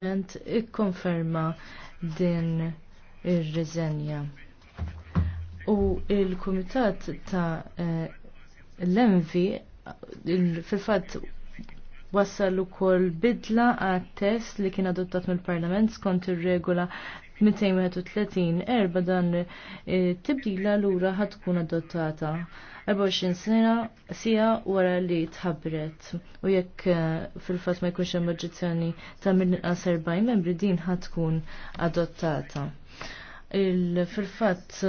President ikkonferma din ir-riżenja. U il-Kumitat ta' eh, l-Envi fil-fatt wassal ukoll bidla għat-test li kien adottat mill-Parlament skont ir-regola 231 erba dan e, tibdila l-ura tkun adottata 24 sena sija wara li tħabbret u jekk e, fil-fat ma jkunx hemm oġġezzjoni ta' mill-inqas 40 membri din ħatkun adottata. Il-fil-fatt